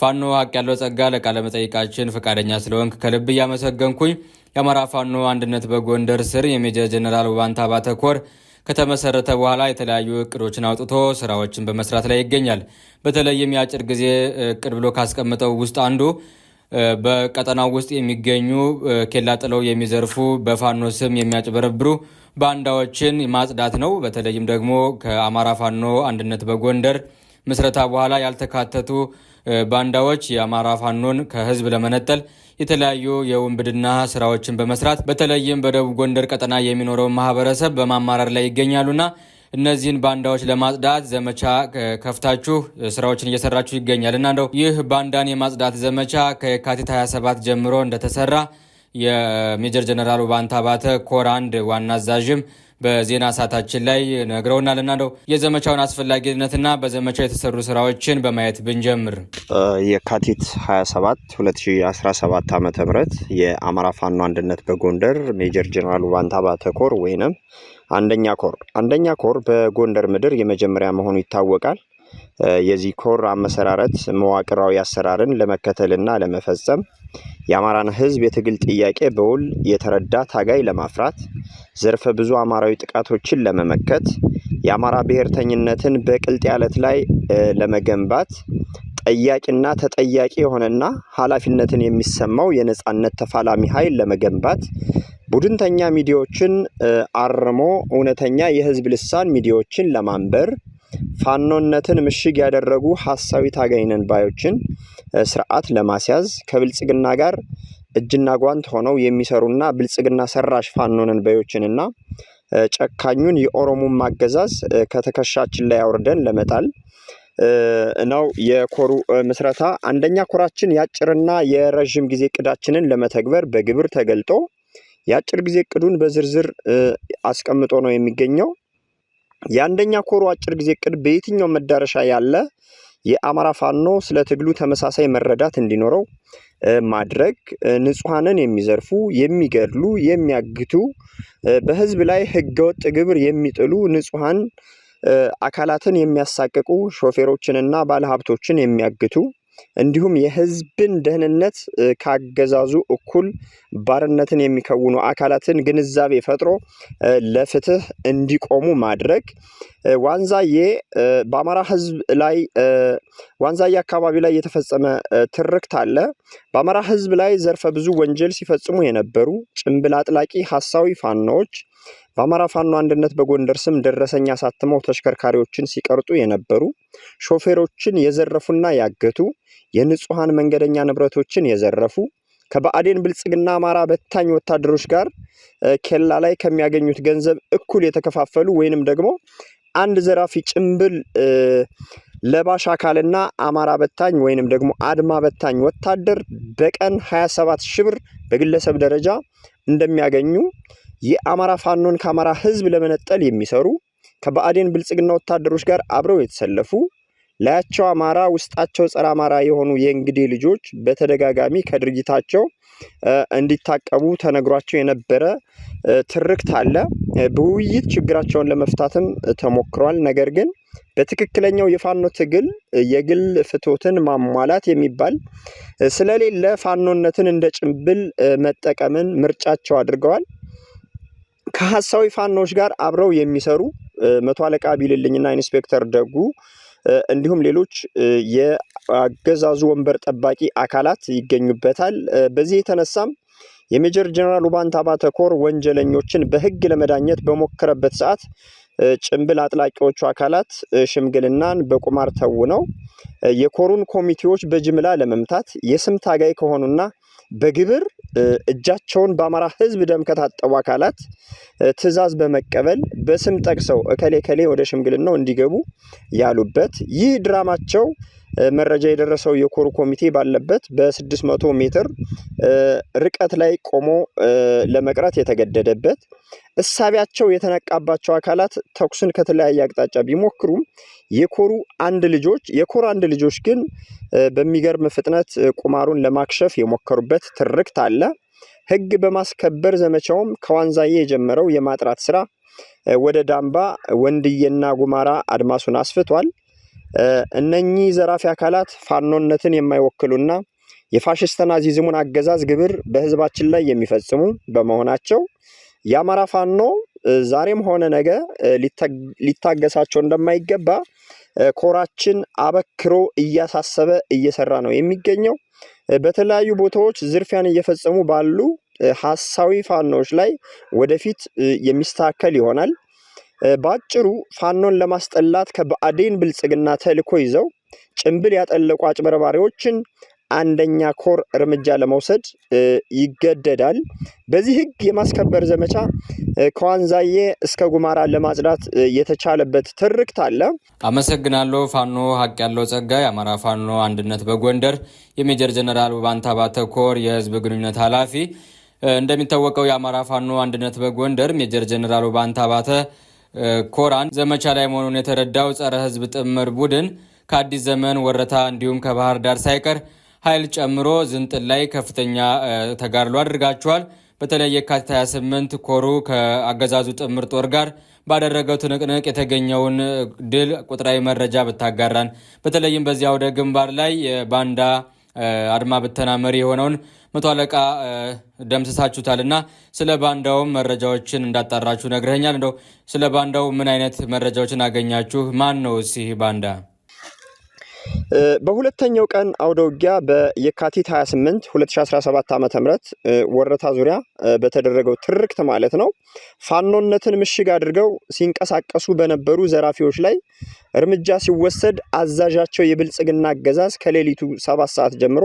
ፋኖ ሀቅ ያለው ጸጋ ለቃለ መጠይቃችን ፈቃደኛ ስለወንክ ከልብ እያመሰገንኩኝ። የአማራ ፋኖ አንድነት በጎንደር ስር የሜጀር ጀነራል ውባንታ ባተኮር ከተመሰረተ በኋላ የተለያዩ እቅዶችን አውጥቶ ስራዎችን በመስራት ላይ ይገኛል። በተለይም የአጭር ጊዜ እቅድ ብሎ ካስቀመጠው ውስጥ አንዱ በቀጠናው ውስጥ የሚገኙ ኬላ ጥለው የሚዘርፉ በፋኖ ስም የሚያጭበረብሩ ባንዳዎችን ማጽዳት ነው። በተለይም ደግሞ ከአማራ ፋኖ አንድነት በጎንደር ምስረታ በኋላ ያልተካተቱ ባንዳዎች የአማራ ፋኖን ከህዝብ ለመነጠል የተለያዩ የውንብድና ስራዎችን በመስራት በተለይም በደቡብ ጎንደር ቀጠና የሚኖረውን ማህበረሰብ በማማረር ላይ ይገኛሉና እነዚህን ባንዳዎች ለማጽዳት ዘመቻ ከፍታችሁ ስራዎችን እየሰራችሁ ይገኛል እና እንደው ይህ ባንዳን የማጽዳት ዘመቻ ከየካቲት 27 ጀምሮ እንደተሰራ የሜጀር ጀነራል ባንታ ባተ ኮር አንድ ዋና አዛዥም በዜና ሰዓታችን ላይ ነግረውናልና እንደው የዘመቻውን አስፈላጊነትና በዘመቻው የተሰሩ ስራዎችን በማየት ብንጀምር። የካቲት 27 2017 ዓ ም የአማራ ፋኖ አንድነት በጎንደር ሜጀር ጀኔራል ባንታባ ተኮር ወይንም አንደኛ ኮር አንደኛ ኮር በጎንደር ምድር የመጀመሪያ መሆኑ ይታወቃል። የዚህ ኮር አመሰራረት መዋቅራዊ አሰራርን ለመከተልና ለመፈጸም የአማራን ህዝብ የትግል ጥያቄ በውል የተረዳ ታጋይ ለማፍራት ዘርፈ ብዙ አማራዊ ጥቃቶችን ለመመከት የአማራ ብሔርተኝነትን በቅልጥ ያለት ላይ ለመገንባት ጠያቂና ተጠያቂ የሆነና ኃላፊነትን የሚሰማው የነጻነት ተፋላሚ ኃይል ለመገንባት ቡድንተኛ ሚዲያዎችን አርሞ እውነተኛ የህዝብ ልሳን ሚዲያዎችን ለማንበር ፋኖነትን ምሽግ ያደረጉ ሀሳዊ ታጋይነን ባዮችን ስርዓት ለማስያዝ ከብልጽግና ጋር እጅና ጓንት ሆነው የሚሰሩና ብልጽግና ሰራሽ ፋኖነን ባዮችንና ጨካኙን የኦሮሞን ማገዛዝ ከትከሻችን ላይ አውርደን ለመጣል ነው የኮሩ ምስረታ። አንደኛ ኮራችን የአጭርና የረዥም ጊዜ እቅዳችንን ለመተግበር በግብር ተገልጦ የአጭር ጊዜ እቅዱን በዝርዝር አስቀምጦ ነው የሚገኘው። የአንደኛ ኮሩ አጭር ጊዜ እቅድ በየትኛው መዳረሻ ያለ የአማራ ፋኖ ስለ ትግሉ ተመሳሳይ መረዳት እንዲኖረው ማድረግ፣ ንጹሐንን የሚዘርፉ፣ የሚገድሉ፣ የሚያግቱ፣ በህዝብ ላይ ህገወጥ ግብር የሚጥሉ ንጹሐን አካላትን የሚያሳቅቁ ሾፌሮችንና ባለሀብቶችን የሚያግቱ እንዲሁም የህዝብን ደህንነት ካገዛዙ በኩል ባርነትን የሚከውኑ አካላትን ግንዛቤ ፈጥሮ ለፍትህ እንዲቆሙ ማድረግ። ዋንዛዬ በአማራ ህዝብ ላይ ዋንዛዬ አካባቢ ላይ የተፈጸመ ትርክት አለ። በአማራ ህዝብ ላይ ዘርፈ ብዙ ወንጀል ሲፈጽሙ የነበሩ ጭንብል አጥላቂ ሀሳዊ ፋኖዎች በአማራ ፋኖ አንድነት በጎንደር ስም ደረሰኝ አሳትመው ተሽከርካሪዎችን ሲቀርጡ የነበሩ፣ ሾፌሮችን የዘረፉና ያገቱ፣ የንጹሐን መንገደኛ ንብረቶችን የዘረፉ ከባዕዴን ብልጽግና አማራ በታኝ ወታደሮች ጋር ኬላ ላይ ከሚያገኙት ገንዘብ እኩል የተከፋፈሉ ወይንም ደግሞ አንድ ዘራፊ ጭምብል ለባሽ አካልና አማራ በታኝ ወይንም ደግሞ አድማ በታኝ ወታደር በቀን 27 ሺህ ብር በግለሰብ ደረጃ እንደሚያገኙ የአማራ ፋኖን ከአማራ ህዝብ ለመነጠል የሚሰሩ ከባዕዴን ብልጽግና ወታደሮች ጋር አብረው የተሰለፉ ላያቸው አማራ ውስጣቸው ጸረ አማራ የሆኑ የእንግዲህ ልጆች በተደጋጋሚ ከድርጊታቸው እንዲታቀቡ ተነግሯቸው የነበረ ትርክት አለ። በውይይት ችግራቸውን ለመፍታትም ተሞክሯል። ነገር ግን በትክክለኛው የፋኖ ትግል የግል ፍቶትን ማሟላት የሚባል ስለሌለ ፋኖነትን እንደ ጭንብል መጠቀምን ምርጫቸው አድርገዋል። ከሀሳዊ ፋኖች ጋር አብረው የሚሰሩ መቶ አለቃ ቢልልኝና ኢንስፔክተር ደጉ እንዲሁም ሌሎች የአገዛዙ ወንበር ጠባቂ አካላት ይገኙበታል። በዚህ የተነሳም የሜጀር ጀነራል ባንታባ ተኮር ኮር ወንጀለኞችን በህግ ለመዳኘት በሞከረበት ሰዓት ጭንብል አጥላቂዎቹ አካላት ሽምግልናን በቁማር ተውነው የኮሩን ኮሚቴዎች በጅምላ ለመምታት የስም ታጋይ ከሆኑና በግብር እጃቸውን በአማራ ህዝብ ደም ከታጠቡ አካላት ትዕዛዝ በመቀበል በስም ጠቅሰው እከሌ ከሌ ወደ ሽምግልናው እንዲገቡ ያሉበት ይህ ድራማቸው መረጃ የደረሰው የኮር ኮሚቴ ባለበት በ600 ሜትር ርቀት ላይ ቆሞ ለመቅረት የተገደደበት እሳቢያቸው የተነቃባቸው አካላት ተኩስን ከተለያየ አቅጣጫ ቢሞክሩም የኮሩ አንድ ልጆች የኮር አንድ ልጆች ግን በሚገርም ፍጥነት ቁማሩን ለማክሸፍ የሞከሩበት ትርክት አለ። ህግ በማስከበር ዘመቻውም ከዋንዛዬ የጀመረው የማጥራት ስራ ወደ ዳምባ፣ ወንድዬና ጉማራ አድማሱን አስፍቷል። እነኚህ ዘራፊ አካላት ፋኖነትን የማይወክሉና የፋሽስት ናዚዝሙን አገዛዝ ግብር በህዝባችን ላይ የሚፈጽሙ በመሆናቸው የአማራ ፋኖ ዛሬም ሆነ ነገ ሊታገሳቸው እንደማይገባ ኮራችን አበክሮ እያሳሰበ እየሰራ ነው የሚገኘው። በተለያዩ ቦታዎች ዝርፊያን እየፈጸሙ ባሉ ሀሳዊ ፋኖዎች ላይ ወደፊት የሚስተካከል ይሆናል። በአጭሩ ፋኖን ለማስጠላት ከብአዴን ብልጽግና ተልዕኮ ይዘው ጭንብል ያጠለቁ አጭበርባሪዎችን አንደኛ ኮር እርምጃ ለመውሰድ ይገደዳል። በዚህ ህግ የማስከበር ዘመቻ ከዋንዛዬ እስከ ጉማራ ለማጽዳት የተቻለበት ትርክት አለ። አመሰግናለሁ። ፋኖ ሀቅ ያለው ጸጋ የአማራ ፋኖ አንድነት በጎንደር የሜጀር ጀነራል ባንታ ባተ ኮር የህዝብ ግንኙነት ኃላፊ። እንደሚታወቀው የአማራ ፋኖ አንድነት በጎንደር ሜጀር ጀነራል ባንታ ባተ ኮራን ዘመቻ ላይ መሆኑን የተረዳው ጸረ ህዝብ ጥምር ቡድን ከአዲስ ዘመን ወረታ እንዲሁም ከባህር ዳር ሳይቀር ኃይል ጨምሮ ዝንጥል ላይ ከፍተኛ ተጋድሎ አድርጋችኋል። በተለይ የካቲት 28 ኮሩ ከአገዛዙ ጥምር ጦር ጋር ባደረገው ትንቅንቅ የተገኘውን ድል ቁጥራዊ መረጃ ብታጋራን። በተለይም በዚህ አውደ ግንባር ላይ የባንዳ አድማ ብተና መሪ የሆነውን መቶ አለቃ ደምስሳችሁታልና ስለ ባንዳውም መረጃዎችን እንዳጣራችሁ ነግረኛል። እንደው ስለ ባንዳው ምን አይነት መረጃዎችን አገኛችሁ? ማን ነው እዚህ ባንዳ? በሁለተኛው ቀን አውደ ውጊያ በየካቲት 28 2017 ዓ ም ወረታ ዙሪያ በተደረገው ትርክት ማለት ነው ፋኖነትን ምሽግ አድርገው ሲንቀሳቀሱ በነበሩ ዘራፊዎች ላይ እርምጃ ሲወሰድ አዛዣቸው የብልጽግና አገዛዝ ከሌሊቱ 7 ሰዓት ጀምሮ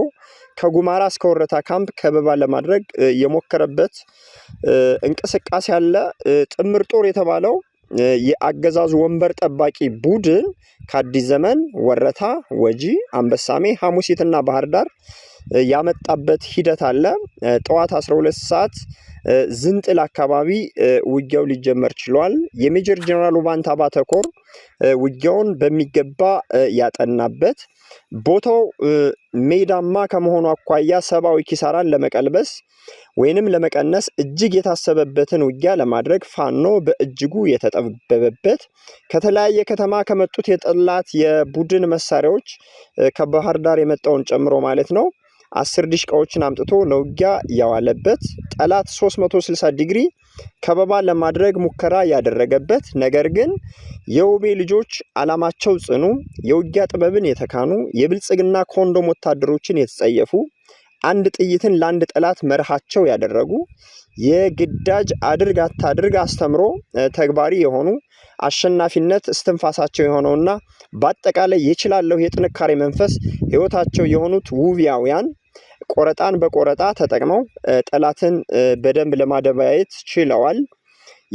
ከጉማራ እስከ ወረታ ካምፕ ከበባ ለማድረግ የሞከረበት እንቅስቃሴ አለ። ጥምር ጦር የተባለው የአገዛዙ ወንበር ጠባቂ ቡድን ከአዲስ ዘመን፣ ወረታ፣ ወጂ፣ አንበሳሜ፣ ሐሙሲትና ባህር ዳር ያመጣበት ሂደት አለ። ጠዋት 12 ሰዓት ዝንጥል አካባቢ ውጊያው ሊጀመር ችሏል። የሜጀር ጀነራል ባንታ ባተኮር ውጊያውን በሚገባ ያጠናበት ቦታው ሜዳማ ከመሆኑ አኳያ ሰብአዊ ኪሳራን ለመቀልበስ ወይንም ለመቀነስ እጅግ የታሰበበትን ውጊያ ለማድረግ ፋኖ በእጅጉ የተጠበበበት ከተለያየ ከተማ ከመጡት የጠላት የቡድን መሳሪያዎች ከባህር ዳር የመጣውን ጨምሮ ማለት ነው አስር ዲሽቃዎችን አምጥቶ ለውጊያ ያዋለበት ጠላት 360 ዲግሪ ከበባ ለማድረግ ሙከራ ያደረገበት ነገር ግን የውቤ ልጆች ዓላማቸው ጽኑ፣ የውጊያ ጥበብን የተካኑ፣ የብልጽግና ኮንዶም ወታደሮችን የተጸየፉ፣ አንድ ጥይትን ለአንድ ጠላት መርሃቸው ያደረጉ፣ የግዳጅ አድርግ አታድርግ አስተምሮ ተግባሪ የሆኑ፣ አሸናፊነት እስትንፋሳቸው የሆነውና በአጠቃላይ የችላለሁ የጥንካሬ መንፈስ ህይወታቸው የሆኑት ውቢያውያን ቆረጣን በቆረጣ ተጠቅመው ጠላትን በደንብ ለማደባየት ችለዋል።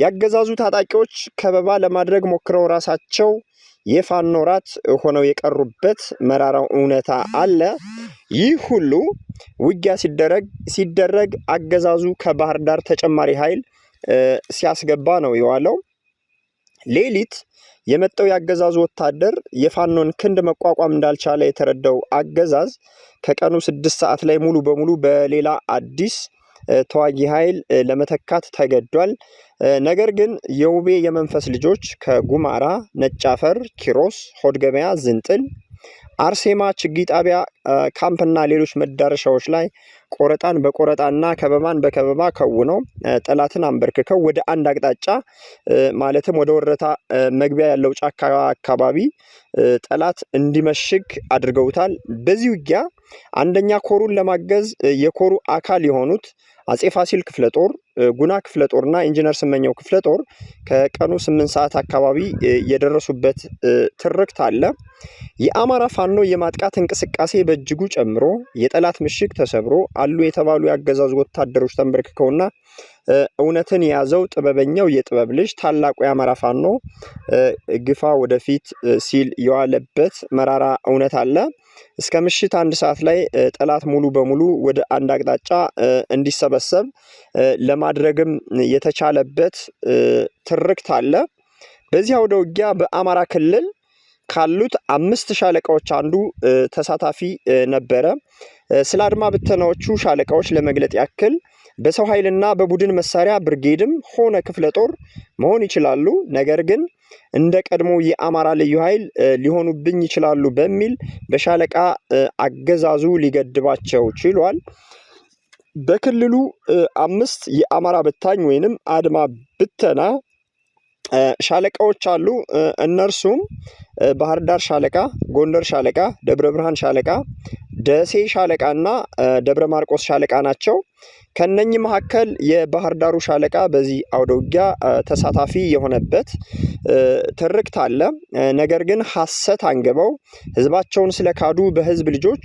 ያገዛዙ ታጣቂዎች ከበባ ለማድረግ ሞክረው ራሳቸው የፋኖ ራት ሆነው የቀሩበት መራራው እውነታ አለ። ይህ ሁሉ ውጊያ ሲደረግ ሲደረግ አገዛዙ ከባህር ዳር ተጨማሪ ኃይል ሲያስገባ ነው የዋለው። ሌሊት የመጣው የአገዛዙ ወታደር የፋኖን ክንድ መቋቋም እንዳልቻለ የተረዳው አገዛዝ ከቀኑ ስድስት ሰዓት ላይ ሙሉ በሙሉ በሌላ አዲስ ተዋጊ ኃይል ለመተካት ተገዷል። ነገር ግን የውቤ የመንፈስ ልጆች ከጉማራ፣ ነጫፈር፣ ኪሮስ፣ ሆድ ገበያ፣ ዝንጥል፣ አርሴማ፣ ችጊ ጣቢያ ካምፕና ሌሎች መዳረሻዎች ላይ ቆረጣን በቆረጣና ከበባን በከበባ ከውነው ጠላትን አንበርክከው ወደ አንድ አቅጣጫ ማለትም ወደ ወረታ መግቢያ ያለው ጫካ አካባቢ ጠላት እንዲመሽግ አድርገውታል። በዚህ ውጊያ አንደኛ ኮሩን ለማገዝ የኮሩ አካል የሆኑት አጼ ፋሲል ክፍለ ጦር፣ ጉና ክፍለ ጦርና ኢንጂነር ስመኘው ክፍለ ጦር ከቀኑ ስምንት ሰዓት አካባቢ የደረሱበት ትርክት አለ። የአማራ ፋኖ የማጥቃት እንቅስቃሴ በእጅጉ ጨምሮ የጠላት ምሽግ ተሰብሮ አሉ የተባሉ የአገዛዙ ወታደሮች ተንበርክከውና እውነትን የያዘው ጥበበኛው የጥበብ ልጅ ታላቁ የአማራ ፋኖ ግፋ ወደፊት ሲል የዋለበት መራራ እውነት አለ። እስከ ምሽት አንድ ሰዓት ላይ ጠላት ሙሉ በሙሉ ወደ አንድ አቅጣጫ እንዲሰበሰብ ለማድረግም የተቻለበት ትርክት አለ። በዚህ አውደ ውጊያ በአማራ ክልል ካሉት አምስት ሻለቃዎች አንዱ ተሳታፊ ነበረ። ስለ አድማ ብተናዎቹ ሻለቃዎች ለመግለጥ ያክል በሰው ኃይልና በቡድን መሳሪያ ብርጌድም ሆነ ክፍለ ጦር መሆን ይችላሉ። ነገር ግን እንደ ቀድሞ የአማራ ልዩ ኃይል ሊሆኑብኝ ይችላሉ በሚል በሻለቃ አገዛዙ ሊገድባቸው ችሏል። በክልሉ አምስት የአማራ በታኝ ወይንም አድማ ብተና ሻለቃዎች አሉ። እነርሱም ባህር ዳር ሻለቃ፣ ጎንደር ሻለቃ፣ ደብረ ብርሃን ሻለቃ፣ ደሴ ሻለቃ እና ደብረ ማርቆስ ሻለቃ ናቸው። ከነኚህ መካከል የባህር ዳሩ ሻለቃ በዚህ አውደ ውጊያ ተሳታፊ የሆነበት ትርክት አለ። ነገር ግን ሐሰት አንግበው ህዝባቸውን ስለካዱ በህዝብ ልጆች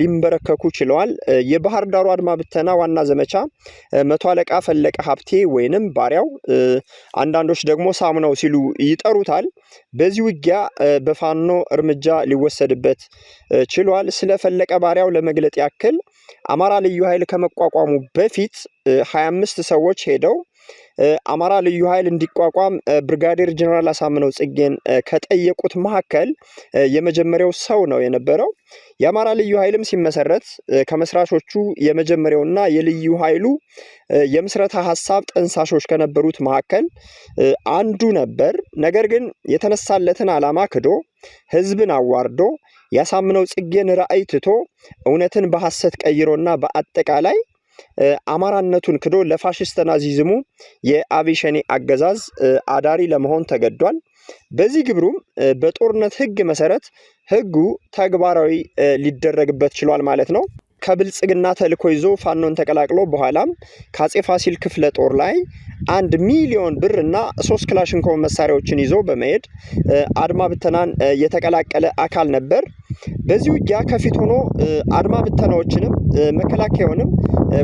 ሊንበረከኩ ችለዋል። የባህር ዳሩ አድማ ብተና ዋና ዘመቻ መቶ አለቃ ፈለቀ ሀብቴ ወይንም ባሪያው፣ አንዳንዶች ደግሞ ሳሙነው ሲሉ ይጠሩታል። በዚህ ውጊያ በፋኖ እርምጃ ሊወሰድበት ችሏል። ስለፈለቀ ባሪያው ለመግለጥ ያክል አማራ ልዩ ኃይል ከመቋቋሙ በፊት 25 ሰዎች ሄደው አማራ ልዩ ኃይል እንዲቋቋም ብርጋዴር ጀነራል አሳምነው ጽጌን ከጠየቁት መካከል የመጀመሪያው ሰው ነው የነበረው። የአማራ ልዩ ኃይልም ሲመሰረት ከመስራቾቹ የመጀመሪያውና የልዩ ኃይሉ የምስረታ ሀሳብ ጠንሳሾች ከነበሩት መካከል አንዱ ነበር። ነገር ግን የተነሳለትን ዓላማ ክዶ ህዝብን አዋርዶ ያሳምነው ጽጌን ራዕይ ትቶ እውነትን በሐሰት ቀይሮና በአጠቃላይ አማራነቱን ክዶ ለፋሽስት ናዚዝሙ የአቪሸኔ አገዛዝ አዳሪ ለመሆን ተገዷል። በዚህ ግብሩም በጦርነት ህግ መሰረት ህጉ ተግባራዊ ሊደረግበት ችሏል ማለት ነው። ከብልጽግና ተልዕኮ ይዞ ፋኖን ተቀላቅሎ በኋላም ከአጼ ፋሲል ክፍለ ጦር ላይ አንድ ሚሊዮን ብር እና ሶስት ክላሽንኮቭ መሳሪያዎችን ይዞ በመሄድ አድማ ብተናን የተቀላቀለ አካል ነበር። በዚህ ውጊያ ከፊት ሆኖ አድማ ብተናዎችንም መከላከያውንም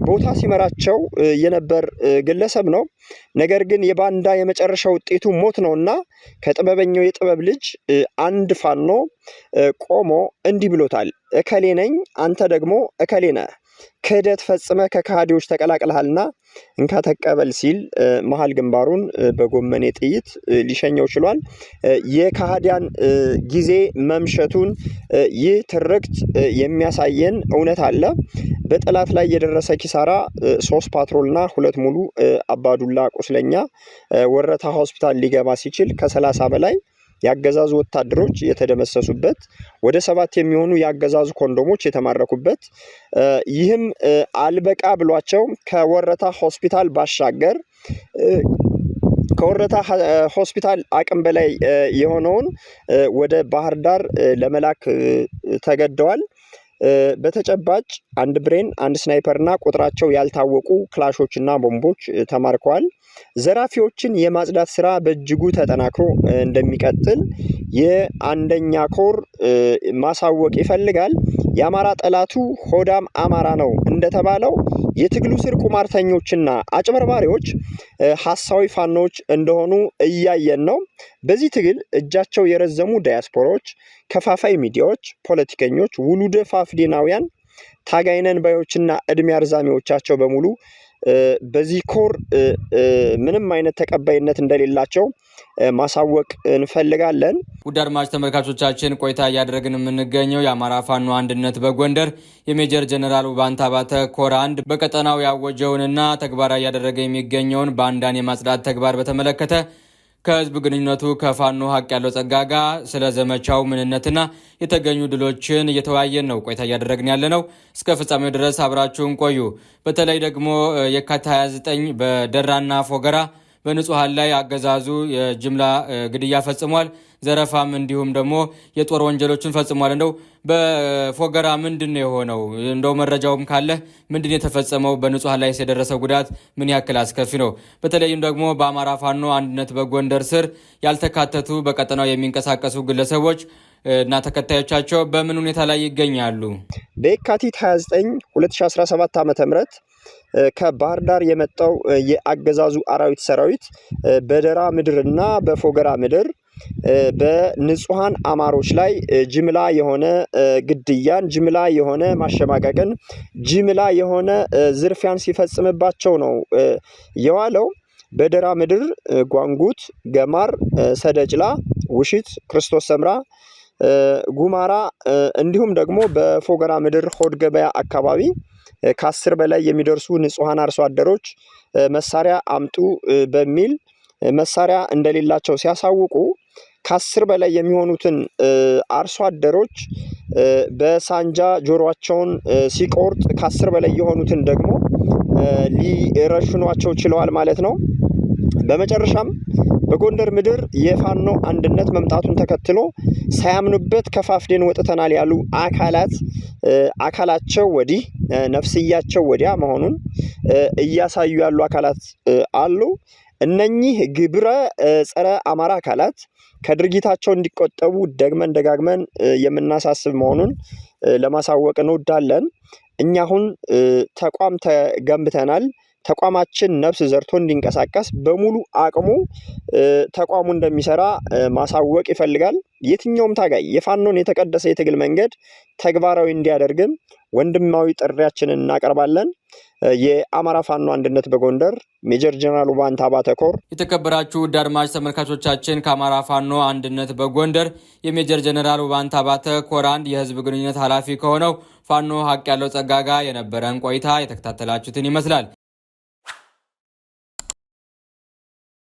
ቦታ ሲመራቸው የነበር ግለሰብ ነው። ነገር ግን የባንዳ የመጨረሻ ውጤቱ ሞት ነውና ከጥበበኛው የጥበብ ልጅ አንድ ፋኖ ቆሞ እንዲህ ብሎታል። እከሌ ነኝ፣ አንተ ደግሞ እከሌ ነህ። ክህደት ፈጽመ ከካሃዲዎች ተቀላቅልሃልና እንካ ተቀበል ሲል መሀል ግንባሩን በጎመኔ ጥይት ሊሸኘው ችሏል። የካሃዲያን ጊዜ መምሸቱን ይህ ትርክት የሚያሳየን እውነት አለ። በጠላት ላይ የደረሰ ኪሳራ ሶስት ፓትሮልና ሁለት ሙሉ አባዱላ ቁስለኛ ወረታ ሆስፒታል ሊገባ ሲችል ከሰላሳ በላይ የአገዛዙ ወታደሮች የተደመሰሱበት ወደ ሰባት የሚሆኑ የአገዛዙ ኮንዶሞች የተማረኩበት ይህም አልበቃ ብሏቸው ከወረታ ሆስፒታል ባሻገር ከወረታ ሆስፒታል አቅም በላይ የሆነውን ወደ ባህር ዳር ለመላክ ተገደዋል። በተጨባጭ አንድ ብሬን፣ አንድ ስናይፐር እና ቁጥራቸው ያልታወቁ ክላሾች እና ቦምቦች ተማርከዋል። ዘራፊዎችን የማጽዳት ስራ በእጅጉ ተጠናክሮ እንደሚቀጥል የአንደኛ ኮር ማሳወቅ ይፈልጋል። የአማራ ጠላቱ ሆዳም አማራ ነው እንደተባለው የትግሉ ስር ቁማርተኞችና አጭበርባሪዎች ሀሳዊ ፋኖዎች እንደሆኑ እያየን ነው። በዚህ ትግል እጃቸው የረዘሙ ዳያስፖራዎች፣ ከፋፋይ ሚዲያዎች፣ ፖለቲከኞች፣ ውሉደ ፋፍዴናውያን፣ ታጋይነን ባዮችና እድሜ አርዛሚዎቻቸው በሙሉ በዚህ ኮር ምንም አይነት ተቀባይነት እንደሌላቸው ማሳወቅ እንፈልጋለን። ውድ አድማጭ ተመልካቾቻችን ቆይታ እያደረግን የምንገኘው የአማራ ፋኖ አንድነት በጎንደር የሜጀር ጀነራል ባንታባተ ባተ ኮር አንድ በቀጠናው ያወጀውንና ተግባራዊ እያደረገ የሚገኘውን ባንዳን የማጽዳት ተግባር በተመለከተ ከህዝብ ግንኙነቱ ከፋኖ ሀቅ ያለው ጸጋ ጋር ስለ ዘመቻው ምንነትና የተገኙ ድሎችን እየተወያየን ነው ቆይታ እያደረግን ያለ ነው። እስከ ፍጻሜው ድረስ አብራችሁን ቆዩ። በተለይ ደግሞ የካቲት 29 በደራና ፎገራ በንጹሐን ላይ አገዛዙ የጅምላ ግድያ ፈጽሟል፣ ዘረፋም እንዲሁም ደግሞ የጦር ወንጀሎችን ፈጽሟል። እንደው በፎገራ ምንድን ነው የሆነው? እንደው መረጃውም ካለ ምንድን የተፈጸመው? በንጹሐን ላይ የደረሰው ጉዳት ምን ያክል አስከፊ ነው? በተለይም ደግሞ በአማራ ፋኖ አንድነት በጎንደር ስር ያልተካተቱ በቀጠናው የሚንቀሳቀሱ ግለሰቦች እና ተከታዮቻቸው በምን ሁኔታ ላይ ይገኛሉ? በየካቲት 29 2017 ዓ ም ከባህር ዳር የመጣው የአገዛዙ አራዊት ሰራዊት በደራ ምድርና በፎገራ ምድር በንጹሐን አማሮች ላይ ጅምላ የሆነ ግድያን፣ ጅምላ የሆነ ማሸማቀቅን፣ ጅምላ የሆነ ዝርፊያን ሲፈጽምባቸው ነው የዋለው። በደራ ምድር ጓንጉት፣ ገማር፣ ሰደጭላ፣ ውሽት፣ ክርስቶስ ሰምራ ጉማራ እንዲሁም ደግሞ በፎገራ ምድር ሆድ ገበያ አካባቢ ከአስር በላይ የሚደርሱ ንጹሐን አርሶ አደሮች መሳሪያ አምጡ በሚል መሳሪያ እንደሌላቸው ሲያሳውቁ ከአስር በላይ የሚሆኑትን አርሶ አደሮች በሳንጃ ጆሮቸውን ሲቆርጥ ከአስር በላይ የሆኑትን ደግሞ ሊረሽኗቸው ችለዋል ማለት ነው። በመጨረሻም በጎንደር ምድር የፋኖ አንድነት መምጣቱን ተከትሎ ሳያምኑበት ከፋፍዴን ወጥተናል ያሉ አካላት አካላቸው ወዲህ ነፍስያቸው ወዲያ መሆኑን እያሳዩ ያሉ አካላት አሉ። እነኚህ ግብረ ጸረ አማራ አካላት ከድርጊታቸው እንዲቆጠቡ ደግመን ደጋግመን የምናሳስብ መሆኑን ለማሳወቅ እንወዳለን። እኛ አሁን ተቋም ተገንብተናል። ተቋማችን ነፍስ ዘርቶ እንዲንቀሳቀስ በሙሉ አቅሙ ተቋሙ እንደሚሰራ ማሳወቅ ይፈልጋል። የትኛውም ታጋይ የፋኖን የተቀደሰ የትግል መንገድ ተግባራዊ እንዲያደርግም ወንድማዊ ጥሪያችንን እናቀርባለን። የአማራ ፋኖ አንድነት በጎንደር ሜጀር ጀነራል ውባንታ ባተኮር። የተከበራችሁ ውድ አድማጭ ተመልካቾቻችን ከአማራ ፋኖ አንድነት በጎንደር የሜጀር ጀነራል ውባንታ ባተኮር አንድ የህዝብ ግንኙነት ኃላፊ ከሆነው ፋኖ ሀቅ ያለው ጸጋጋ የነበረን ቆይታ የተከታተላችሁትን ይመስላል።